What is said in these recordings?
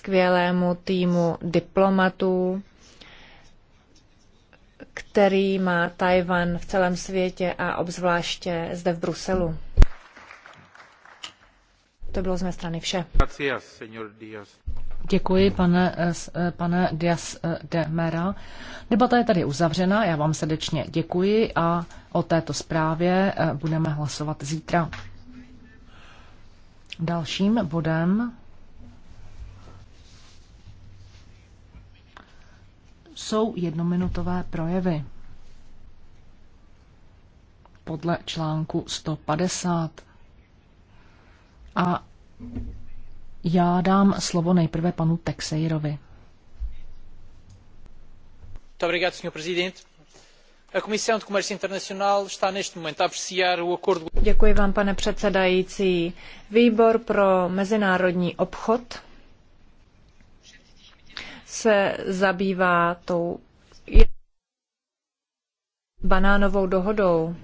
skvělému týmu diplomatů, který má Tajvan v celém světě a obzvláště zde v Bruselu. To bylo z mé strany vše. Děkuji, pane, eh, eh, pane Dias eh, de Mera. Debata je tady uzavřena, já vám srdečně děkuji a o této zprávě budeme hlasovat zítra. Dalším bodem jsou jednominutové projevy. Podle článku 150. A já dám slovo nejprve panu Texeirovi. Obrigado, Presidente. A de Comércio Internacional está neste momento a apreciar o acordo. Děkuji vám, pane předsedající. Výbor pro mezinárodní obchod se zabývá tou banánovou dohodou.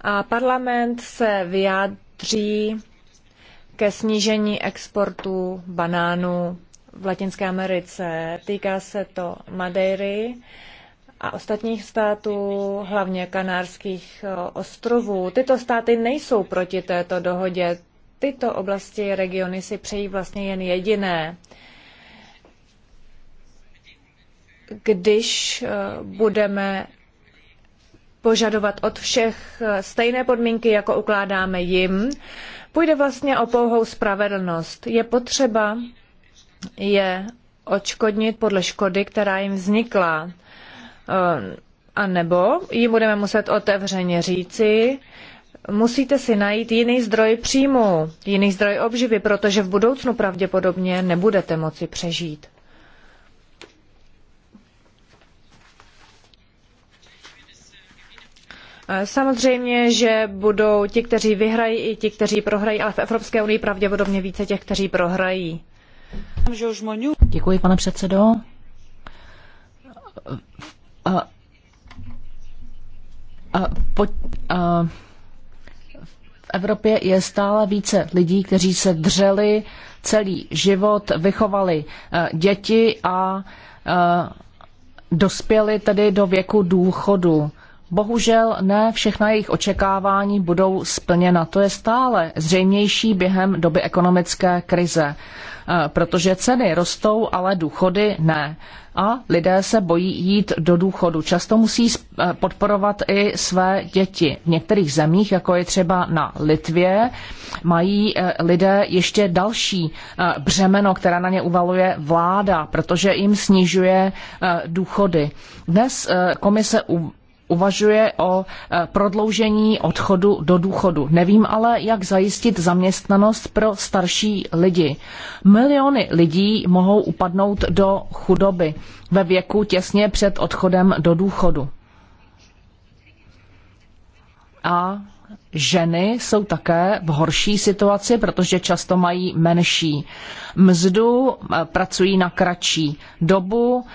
A parlament se vyjádří ke snížení exportu banánů v Latinské Americe. Týká se to Madeiry a ostatních států, hlavně Kanárských eh, ostrovů. Tyto státy nejsou proti této dohodě. Tyto oblasti, regiony si přejí vlastně jen jediné když eh, budeme požadovat od všech eh, stejné podmínky, jako ukládáme jim, půjde vlastně o pouhou spravedlnost. Je potřeba je odškodnit podle škody, která jim vznikla. Eh, a nebo jim budeme muset otevřeně říci, musíte si najít jiný zdroj příjmu, jiný zdroj obživy, protože v budoucnu pravděpodobně nebudete moci přežít. Samozřejmě, že budou ti, kteří vyhrají, i ti, kteří prohrají, ale v Evropské unii pravděpodobně více těch, kteří prohrají. Děkuji, pane předsedo. A, a, po, a, v Evropě je stále více lidí, kteří se dřeli celý život, vychovali e, děti a e, dospěli tedy do věku důchodu. Bohužel ne všechna jejich očekávání budou splněna. To je stále zřejmější během doby ekonomické krize, eh, protože ceny rostou, ale důchody ne. A lidé se bojí jít do důchodu. Často musí eh, podporovat i své děti. V některých zemích, jako je třeba na Litvě, mají eh, lidé ještě další břemeno, které na ně uvaluje vláda, protože jim snižuje důchody. Dnes komise uvažuje o e, prodloužení odchodu do důchodu. Nevím ale, jak zajistit zaměstnanost pro starší lidi. Miliony lidí mohou upadnout do chudoby ve věku těsně před odchodem do důchodu. A ženy jsou také v horší situaci, protože často mají menší mzdu, eh, pracují na kratší dobu,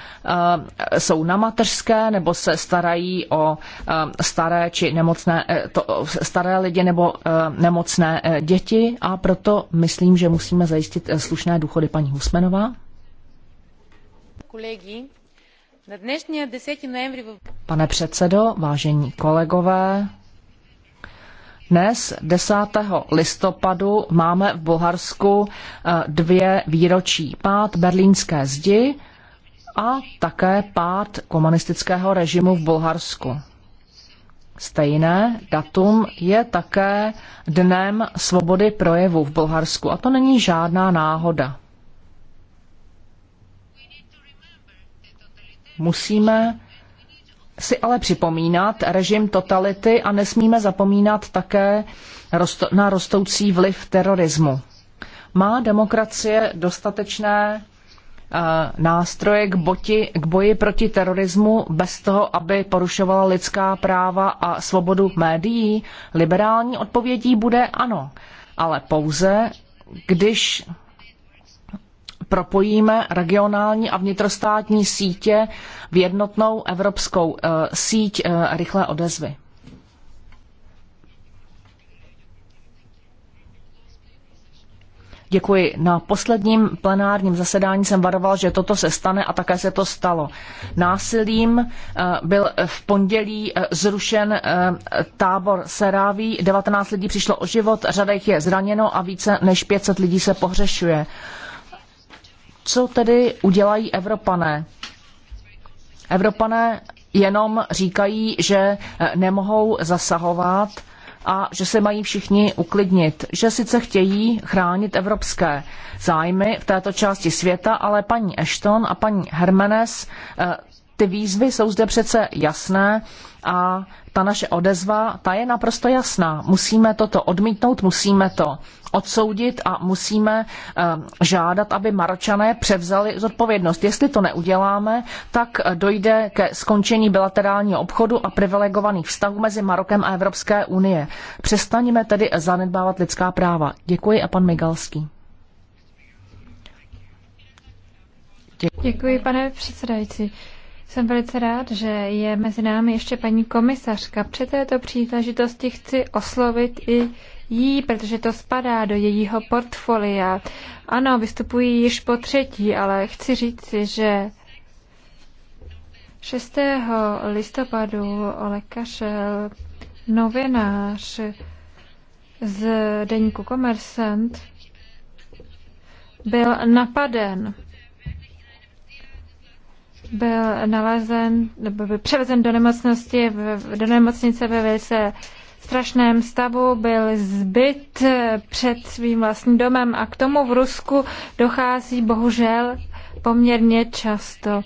eh, jsou na mateřské nebo se starají o eh, staré či nemocné, to, staré lidi nebo nemocné děti a proto myslím, že musíme zajistit slušné důchody paní Husmenová. Kolegy, na dnešní 10. Pane předsedo, vážení kolegové, dnes, 10. listopadu, máme v Bulharsku eh, dvě výročí. Pád berlínské zdi a také pád komunistického režimu v Bulharsku. Stejné datum je také dnem svobody projevu v Bulharsku a to není žádná náhoda. Musíme si ale připomínat režim totality a nesmíme zapomínat také na rostoucí vliv terorismu. Má demokracie dostatečné eh, nástroje k, boti, k boji proti terorismu bez toho, aby porušovala lidská práva a svobodu médií? Liberální odpovědí bude ano, ale pouze když propojíme regionální a vnitrostátní sítě v jednotnou evropskou eh, síť eh, rychlé odezvy. Děkuji. Na posledním plenárním zasedání jsem varoval, že toto se stane a také se to stalo. Násilím eh, byl v pondělí zrušen tábor Seráví, 19 lidí přišlo o život, řada jich je zraněno a více než 500 lidí se pohřešuje co tedy udělají Evropané? Evropané jenom říkají, že eh, nemohou zasahovat a že se mají všichni uklidnit, že sice chtějí chránit evropské zájmy v této části světa, ale paní Ashton a paní Hermenes eh, ty výzvy jsou zde přece jasné a ta naše odezva, ta je naprosto jasná. Musíme toto odmítnout, musíme to odsoudit a musíme eh, žádat, aby Maročané převzali zodpovědnost. Jestli to neuděláme, tak dojde ke skončení bilaterálního obchodu a privilegovaných vztahů mezi Marokem a Evropské unie. Přestaňme tedy zanedbávat lidská práva. Děkuji a pan Migalský. Děkuji pane předsedající. Jsem velice rád, že je mezi námi ještě paní komisařka. Při této příležitosti chci oslovit i jí, protože to spadá do jejího portfolia. Ano, vystupují již po třetí, ale chci říci, že 6. listopadu Ole Kašel, novinář z deníku Komersant, byl napaden byl nalezen, nebo byl převezen do nemocnosti, do nemocnice ve velice strašném stavu, byl zbyt eh, před svým vlastním domem a k tomu v Rusku dochází bohužel poměrně často.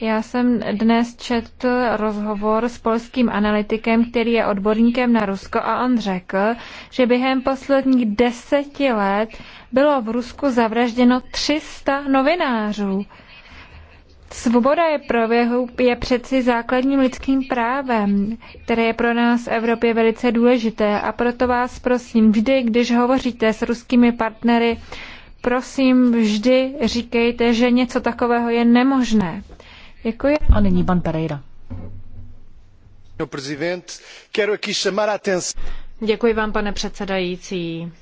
Já jsem dnes četl rozhovor s polským analytikem, který je odborníkem na Rusko a on řekl, že během posledních deseti let bylo v Rusku zavražděno 300 novinářů. Svoboda je věhu, je přeci základním lidským právem, které je pro nás v Evropě velice důležité a proto vás prosím, vždy, když hovoříte s ruskými partnery, prosím, vždy říkejte, že něco takového je nemožné. Děkuji. A nyní pan Pereira. Děkuji vám, pane předsedající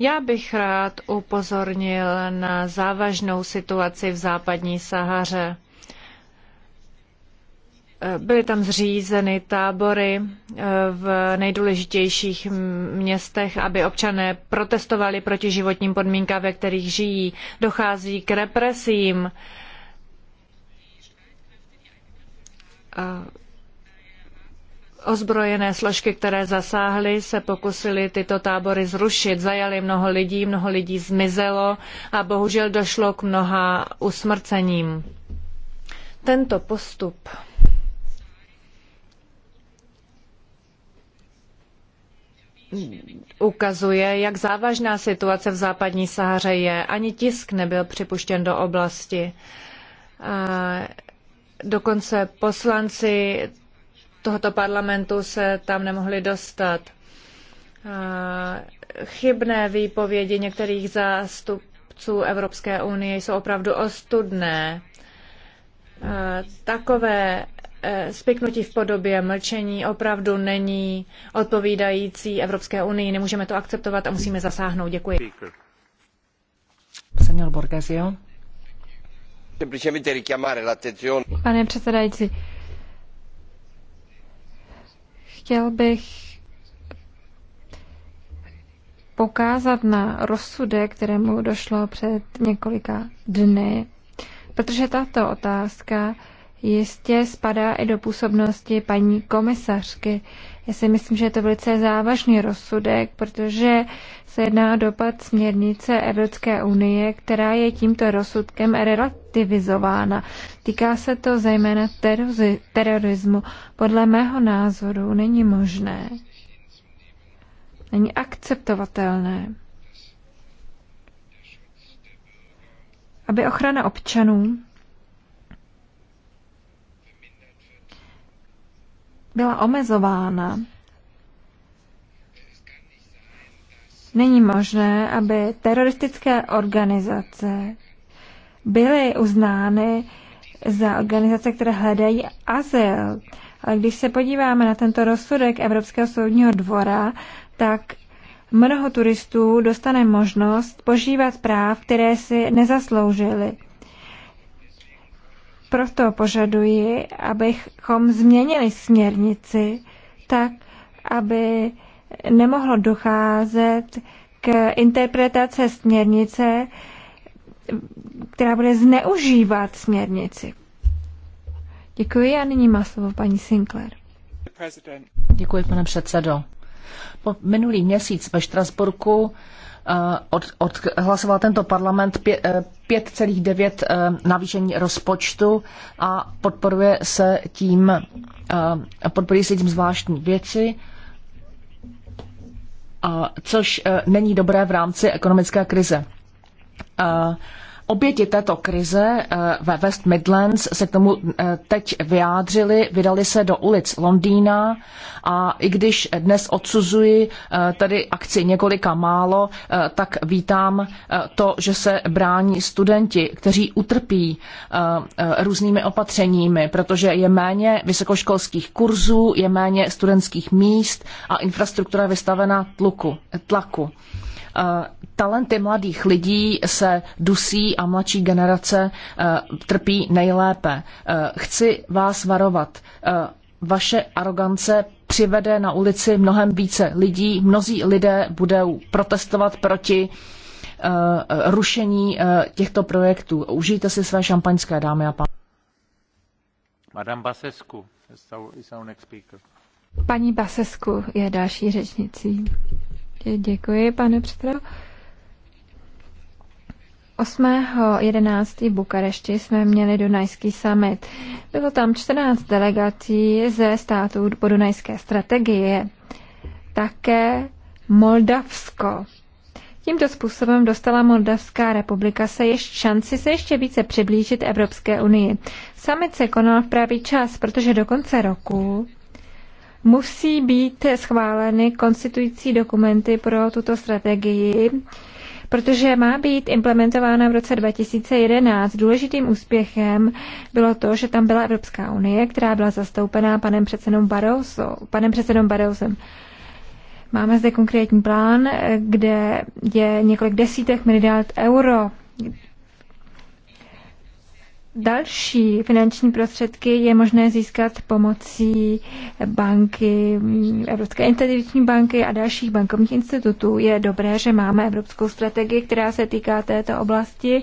já bych rád upozornil na závažnou situaci v západní Sahaře. Byly tam zřízeny tábory eh, v nejdůležitějších městech, aby občané protestovali proti životním podmínkám, ve kterých žijí. Dochází k represím. Eh, Ozbrojené složky, které zasáhly, se pokusily tyto tábory zrušit. Zajali mnoho lidí, mnoho lidí zmizelo a bohužel došlo k mnoha usmrcením. Tento postup ukazuje, jak závažná situace v západní Sahaře je. Ani tisk nebyl připuštěn do oblasti. A dokonce poslanci tohoto parlamentu se tam nemohli dostat. Chybné výpovědi některých zástupců Evropské unie jsou opravdu ostudné. Takové e, spiknutí v podobě mlčení opravdu není odpovídající Evropské unii. Nemůžeme to akceptovat a musíme zasáhnout. Děkuji. Pane předsedající, Chtěl bych poukázat na rozsudek, kterému došlo před několika dny, protože tato otázka jistě spadá i do působnosti paní komisařky. Já si myslím, že je to velice závažný rozsudek, protože se jedná o dopad směrnice Evropské unie, která je tímto rozsudkem relativizována. Týká se to zejména terorismu. Podle mého názoru není možné, není akceptovatelné, aby ochrana občanů byla omezována. Není možné, aby teroristické organizace byly uznány za organizace, které hledají azyl. Ale když se podíváme na tento rozsudek Evropského soudního dvora, tak mnoho turistů dostane možnost požívat práv, které si nezasloužili. Proto požaduji, abychom změnili směrnici tak, aby nemohlo docházet k interpretace směrnice, která bude zneužívat směrnici. Děkuji a nyní má slovo paní Sinclair. Děkuji, pane předsedo. Po minulý měsíc ve Štrasburku Eh, od, odhlasoval tento parlament 5,9 eh, eh, navýšení rozpočtu a podporuje se tím, podporují se tím zvláštní věci, což není dobré v rámci ekonomické krize. Oběti této krize eh, ve West Midlands se k tomu eh, teď vyjádřili, vydali se do ulic Londýna a i když dnes odsuzuji eh, tady akci několika málo, tak vítám to, že se brání studenti, kteří utrpí různými opatřeními, protože je méně vysokoškolských kurzů, je méně studentských míst a infrastruktura je vystavena tluku, tlaku. Eh, talenty mladých lidí se dusí a mladší generace eh, trpí nejlépe. Eh, chci vás varovat. Vaše arogance přivede na ulici mnohem více lidí. Mnozí lidé budou protestovat proti rušení těchto projektů. Užijte si své šampaňské, dámy a pánové. Madame Basescu is our next speaker. Paní Basescu je další řečnicí. Děkuji, pane předsedo. 8.11. v Bukarešti jsme měli Dunajský summit. Bylo tam 14 delegací ze států po Dunajské strategie, také Moldavsko. Tímto způsobem dostala Moldavská republika se ještě šanci se ještě více přiblížit Evropské unii. Summit se konal v pravý čas, protože do konce roku musí být schváleny konstitující dokumenty pro tuto strategii, protože má být implementována v roce 2011. Důležitým úspěchem bylo to, že tam byla Evropská unie, která byla zastoupená panem předsedou Barroso, panem předsedou Barrosem. Máme zde konkrétní plán, kde je několik desítek miliard euro Další finanční prostředky je možné získat pomocí banky, Evropské investiční banky a dalších bankovních institutů. Je dobré, že máme evropskou strategii, která se týká této oblasti.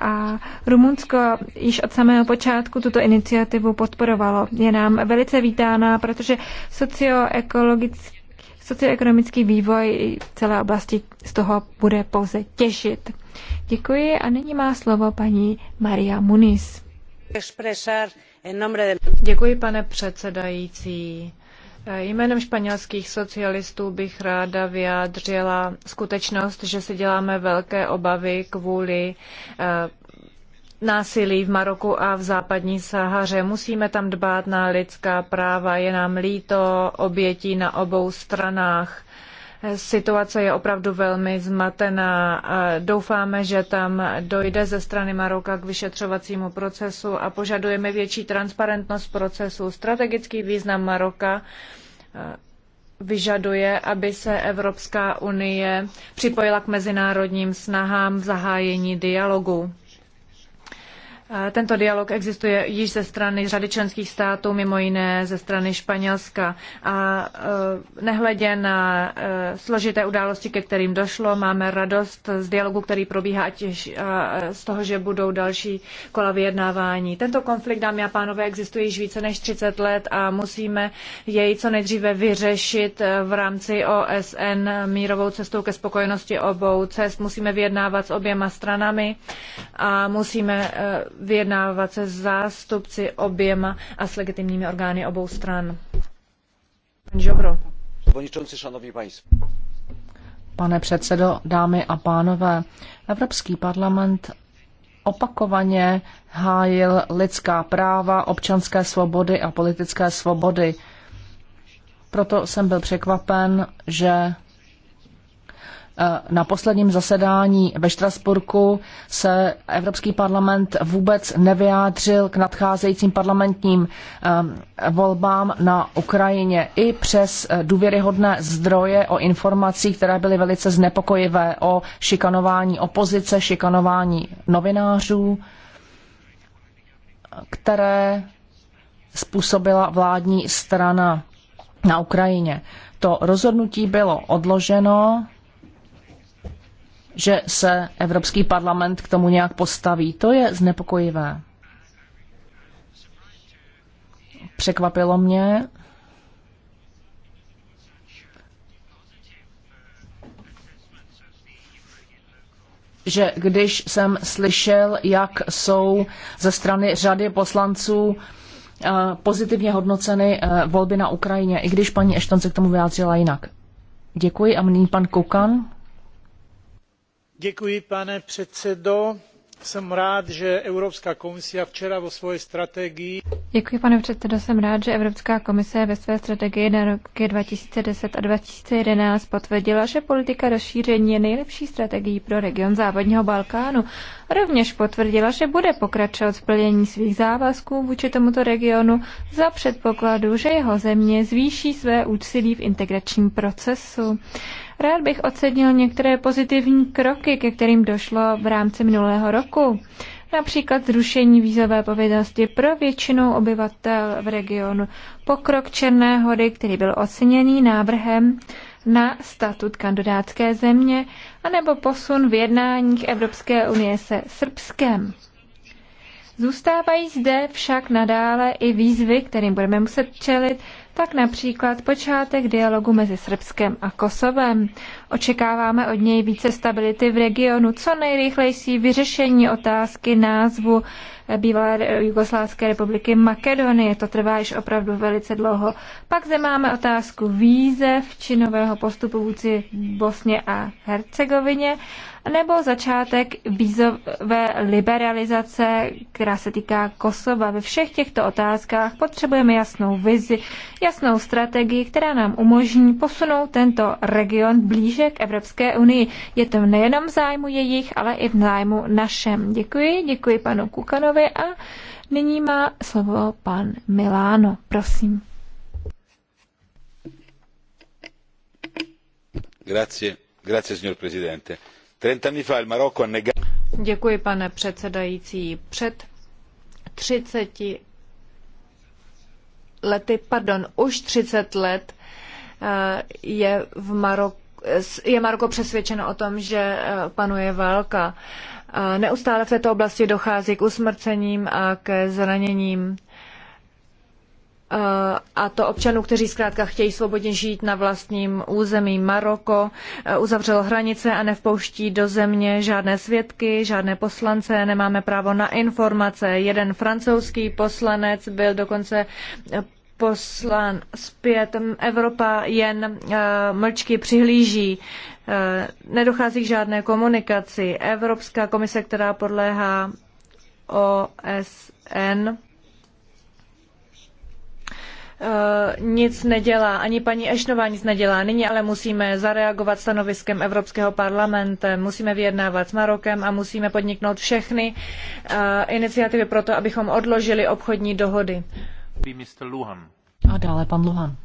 A Rumunsko již od samého počátku tuto iniciativu podporovalo. Je nám velice vítána, protože socioekologický socioekonomický vývoj celé oblasti z toho bude pouze těšit. Děkuji a nyní má slovo paní Maria Muniz. Děkuji, pane předsedající. Jménem španělských socialistů bych ráda vyjádřila skutečnost, že si děláme velké obavy kvůli eh, násilí v Maroku a v západní Sahaře. Musíme tam dbát na lidská práva. Je nám líto obětí na obou stranách. Situace je opravdu velmi zmatená. Doufáme, že tam dojde ze strany Maroka k vyšetřovacímu procesu a požadujeme větší transparentnost procesu. Strategický význam Maroka vyžaduje, aby se Evropská unie připojila k mezinárodním snahám zahájení dialogu. Tento dialog existuje již ze strany řady členských států, mimo jiné ze strany Španělska. A e, nehledě na e, složité události, ke kterým došlo, máme radost z dialogu, který probíhá těž, e, z toho, že budou další kola vyjednávání. Tento konflikt, dámy a pánové, existuje již více než 30 let a musíme jej co nejdříve vyřešit v rámci OSN mírovou cestou ke spokojenosti obou cest. Musíme vyjednávat s oběma stranami a musíme vyjednávat se zástupci oběma a s legitimními orgány obou stran. Pane předsedo, dámy a pánové, Evropský parlament opakovaně hájil lidská práva, občanské svobody a politické svobody. Proto jsem byl překvapen, že Eh, na posledním zasedání ve Štrasburku se Evropský parlament vůbec nevyjádřil k nadcházejícím parlamentním eh, volbám na Ukrajině i přes eh, důvěryhodné zdroje o informacích, které byly velice znepokojivé o šikanování opozice, šikanování novinářů, které způsobila vládní strana na Ukrajině. To rozhodnutí bylo odloženo že se Evropský parlament k tomu nějak postaví. To je znepokojivé. Překvapilo mě, že když jsem slyšel, jak jsou ze strany řady poslanců eh, pozitivně hodnoceny eh, volby na Ukrajině, i když paní Ešton se k tomu vyjádřila jinak. Děkuji a nyní pan Kukan. Děkuji, pane předsedo. Jsem rád, že Evropská komise včera vo své strategii. Děkuji, pane předsedo. Jsem rád, že Evropská komise ve své strategii 2010 a 2011 potvrdila, že politika rozšíření je nejlepší strategií pro region západního Balkánu rovněž potvrdila, že bude pokračovat v plnění svých závazků vůči tomuto regionu za předpokladu, že jeho země zvýší své úsilí v integračním procesu. Rád bych ocenil některé pozitivní kroky, ke kterým došlo v rámci minulého roku například zrušení vízové povinnosti pro většinu obyvatel v regionu. Pokrok Černé hory, který byl oceněný návrhem na statut kandidátské země, anebo posun v jednáních Evropské unie se Srbskem. Zůstávají zde však nadále i výzvy, kterým budeme muset čelit, tak například počátek dialogu mezi Srbskem a Kosovem. Očekáváme od něj více stability v regionu, co nejrychlejší vyřešení otázky názvu bývalé Jugoslávské republiky Makedonie. To trvá již opravdu velice dlouho. Pak zde máme otázku výzev činového postupu vůči Bosně a Hercegovině nebo začátek vízové liberalizace, která se týká Kosova. Ve všech těchto otázkách potřebujeme jasnou vizi, jasnou strategii, která nám umožní posunout tento region blíže k Evropské unii. Je to nejenom v zájmu jejich, ale i v zájmu našem. Děkuji, děkuji panu Kukanovi a nyní má slovo pan Miláno. Prosím. Grazie, grazie signor Presidente. Děkuji, pane předsedající. Před 30 lety, pardon, už 30 let eh, je Maroko přesvědčeno o tom, že eh, panuje válka. Eh, neustále v této oblasti dochází k usmrcením a ke zraněním Eh, a to občanů, kteří zkrátka chtějí svobodně žít na vlastním území. Maroko eh, uzavřelo hranice a nevpouští do země žádné svědky, žádné poslance, nemáme právo na informace. Jeden francouzský poslanec byl dokonce eh, poslán zpět. Evropa jen mlčky přihlíží. Nedochází k žádné komunikaci. Evropská komise, která podléhá OSN, Eh, nic nedělá, ani paní Ešnová nic nedělá. Nyní ale musíme zareagovat stanoviskem Evropského parlamentu, musíme vyjednávat s Marokem a musíme podniknout všechny eh, iniciativy pro to, abychom odložili obchodní dohody. A dále pan Luhan.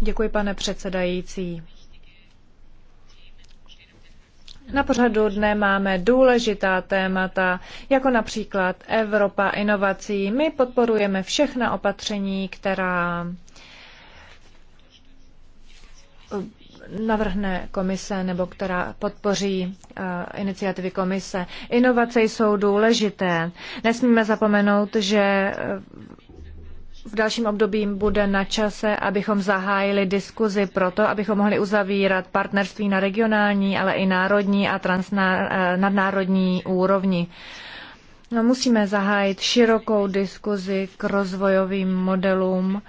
Děkuji, pane předsedající na pořadu dne máme důležitá témata, jako například Evropa inovací. My podporujeme všechna opatření, která eh, navrhne komise nebo která podpoří uh, iniciativy komise. Inovace jsou důležité. Nesmíme zapomenout, že uh, v dalším období bude na čase, abychom zahájili diskuzi pro to, abychom mohli uzavírat partnerství na regionální, ale i národní a eh, nadnárodní úrovni. No, musíme zahájit širokou diskuzi k rozvojovým modelům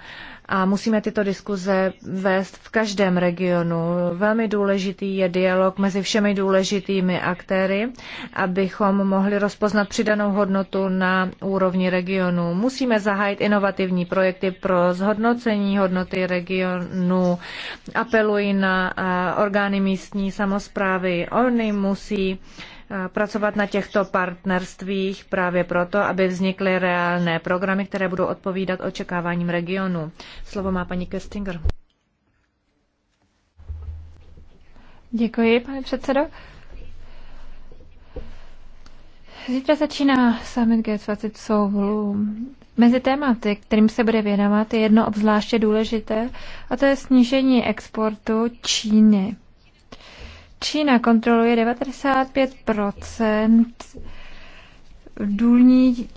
a musíme tyto diskuze vést v každém regionu. Velmi důležitý je dialog mezi všemi důležitými aktéry, abychom mohli rozpoznat přidanou hodnotu na úrovni regionu. Musíme zahájit inovativní projekty pro zhodnocení hodnoty regionu. Apeluji na eh, orgány místní samozprávy. Oni musí Eh, pracovat na těchto partnerstvích právě proto, aby vznikly reálné programy, které budou odpovídat očekáváním regionu. Slovo má paní Kestinger. Děkuji, pane předsedo. Zítra začíná summit G20 v Soulu. Mezi tématy, kterým se bude věnovat, je jedno obzvláště důležité, a to je snížení exportu Číny. Čína kontroluje 95 důlní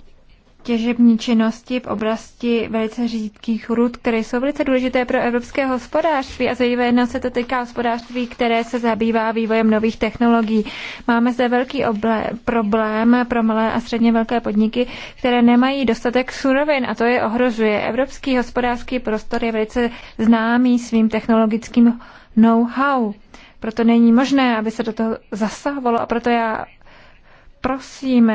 těžební činnosti v oblasti velice řídkých rud, které jsou velice důležité pro evropské hospodářství a zejména se to týká hospodářství, které se zabývá vývojem nových technologií. Máme zde velký problém pro malé a středně velké podniky, které nemají dostatek surovin a to je ohrožuje. Evropský hospodářský prostor je velice známý svým technologickým know-how. Proto není možné, aby se do toho zasahovalo, a proto já prosím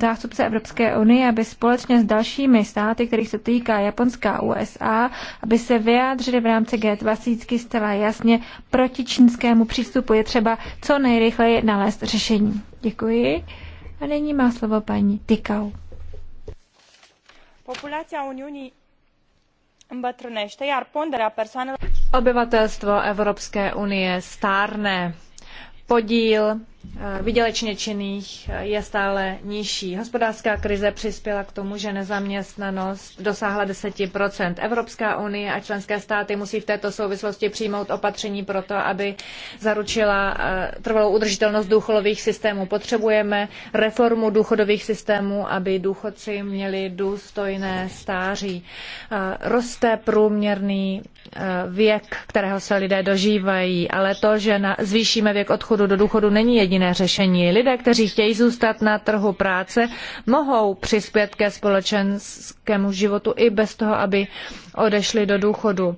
zástupce Evropské unie, aby společně s dalšími státy, kterých se týká Japonská USA, aby se vyjádřili v rámci G20 zcela jasně proti čínskému přístupu. Je třeba co nejrychleji nalézt řešení. Děkuji. A nyní má slovo paní Tykau. Populace Unii Obyvatelstvo Evropské unie stárne. Podíl Eh, vydělečně činných eh, je stále nižší. Hospodářská krize přispěla k tomu, že nezaměstnanost dosáhla 10 Evropská unie a členské státy musí v této souvislosti přijmout opatření pro to, aby zaručila eh, trvalou udržitelnost důchodových systémů. Potřebujeme reformu důchodových systémů, aby důchodci měli důstojné stáří. Roste průměrný věk, kterého se lidé dožívají, ale to, že zvýšíme věk odchodu do důchodu, není jediný jediné řešení. Lidé, kteří chtějí zůstat na trhu práce, mohou přispět ke společenskému životu i bez toho, aby odešli do důchodu.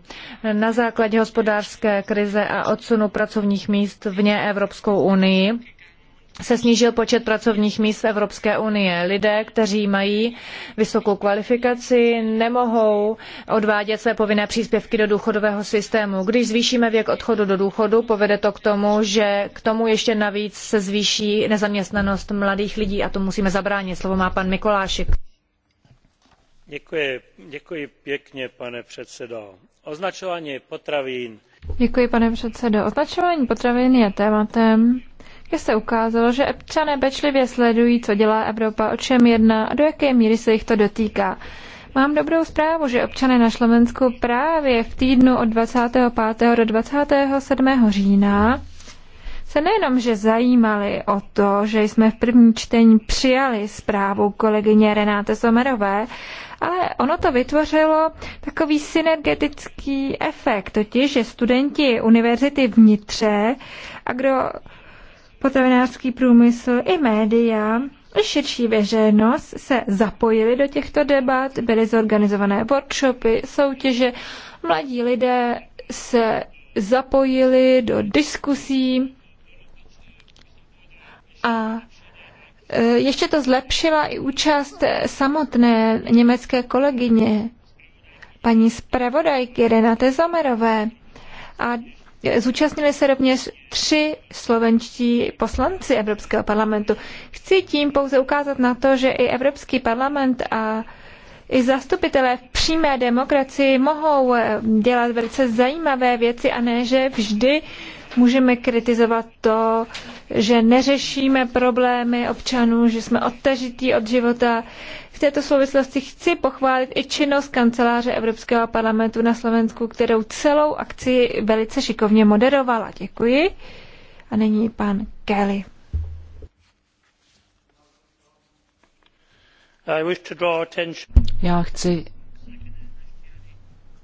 Na základě hospodářské krize a odsunu pracovních míst vně Evropskou unii se snížil počet pracovních míst v Evropské unie. Lidé, kteří mají vysokou kvalifikaci, nemohou odvádět své povinné příspěvky do důchodového systému. Když zvýšíme věk odchodu do důchodu, povede to k tomu, že k tomu ještě navíc se zvýší nezaměstnanost mladých lidí a to musíme zabránit. Slovo má pan Mikolášik. Děkuji, děkuji pěkně, pane předsedo. Označování potravin. Děkuji, pane předsedo. Označování potravin je tématem, kde se ukázalo, že občané pečlivě sledují, co dělá Evropa, o čem jedná a do jaké míry se jich to dotýká. Mám dobrou zprávu, že občané na Slovensku právě v týdnu od 25. do 27. října se nejenom, že zajímali o to, že jsme v první čtení přijali zprávu kolegyně Renáte Somerové, ale ono to vytvořilo takový synergetický efekt, totiž, že studenti univerzity vnitře a kdo potravinářský průmysl i média i širší veřejnost se zapojili do těchto debat, byly zorganizované workshopy, soutěže, mladí lidé se zapojili do diskusí a e, ještě to zlepšila i účast samotné německé kolegyně, paní zpravodajky Renate Zomerové. A Zúčastnili se rovněž tři slovenští poslanci Evropského parlamentu. Chci tím pouze ukázat na to, že i Evropský parlament a i zastupitelé v přímé demokracii mohou eh, dělat velice zajímavé věci a ne, že vždy můžeme kritizovat to, že neřešíme problémy občanů, že jsme odtažití od života této souvislosti chci pochválit i činnost kanceláře Evropského parlamentu na Slovensku, kterou celou akci velice šikovně moderovala. Děkuji. A nyní pan Kelly. Já chci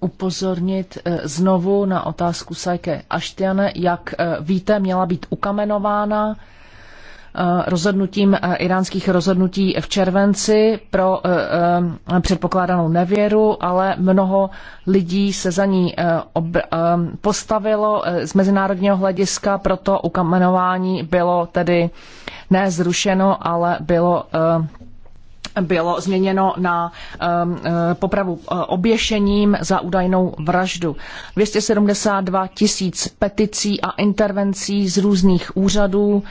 upozornit eh, znovu na otázku Sajke Aštiane. Jak eh, víte, měla být ukamenována Eh, rozhodnutím eh, iránských rozhodnutí v červenci pro eh, předpokládanou nevěru, ale mnoho lidí se za ní postavilo z mezinárodního hlediska, proto ukamenování bylo tedy ne zrušeno, ale bylo bylo změněno na um, popravu oběšením za údajnou vraždu. 272 tisíc peticí a intervencí z různých úřadů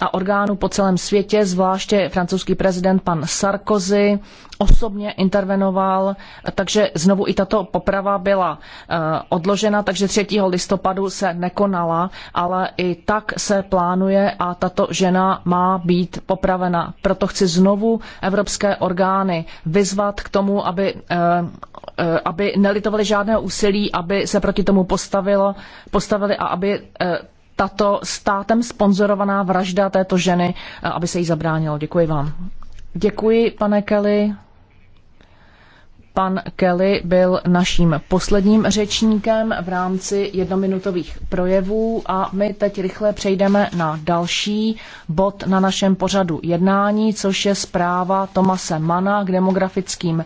a orgánů po celém světě, zvláště francouzský prezident pan Sarkozy osobně intervenoval, takže znovu i tato poprava byla eh, odložena, takže 3. listopadu se nekonala, ale i tak se plánuje a tato žena má být popravena. Proto chci znovu evropské orgány vyzvat k tomu, aby eh, eh, aby nelitovali žádného úsilí, aby se proti tomu postavilo, postavili a aby tato státem sponzorovaná vražda této ženy, eh, aby se jí zabránilo. Děkuji vám. Děkuji, pane Kelly. Pan Kelly byl naším posledním řečníkem v rámci jednominutových projevů a my teď rychle přejdeme na další bod na našem pořadu jednání, což je zpráva Tomase Mana k demografickým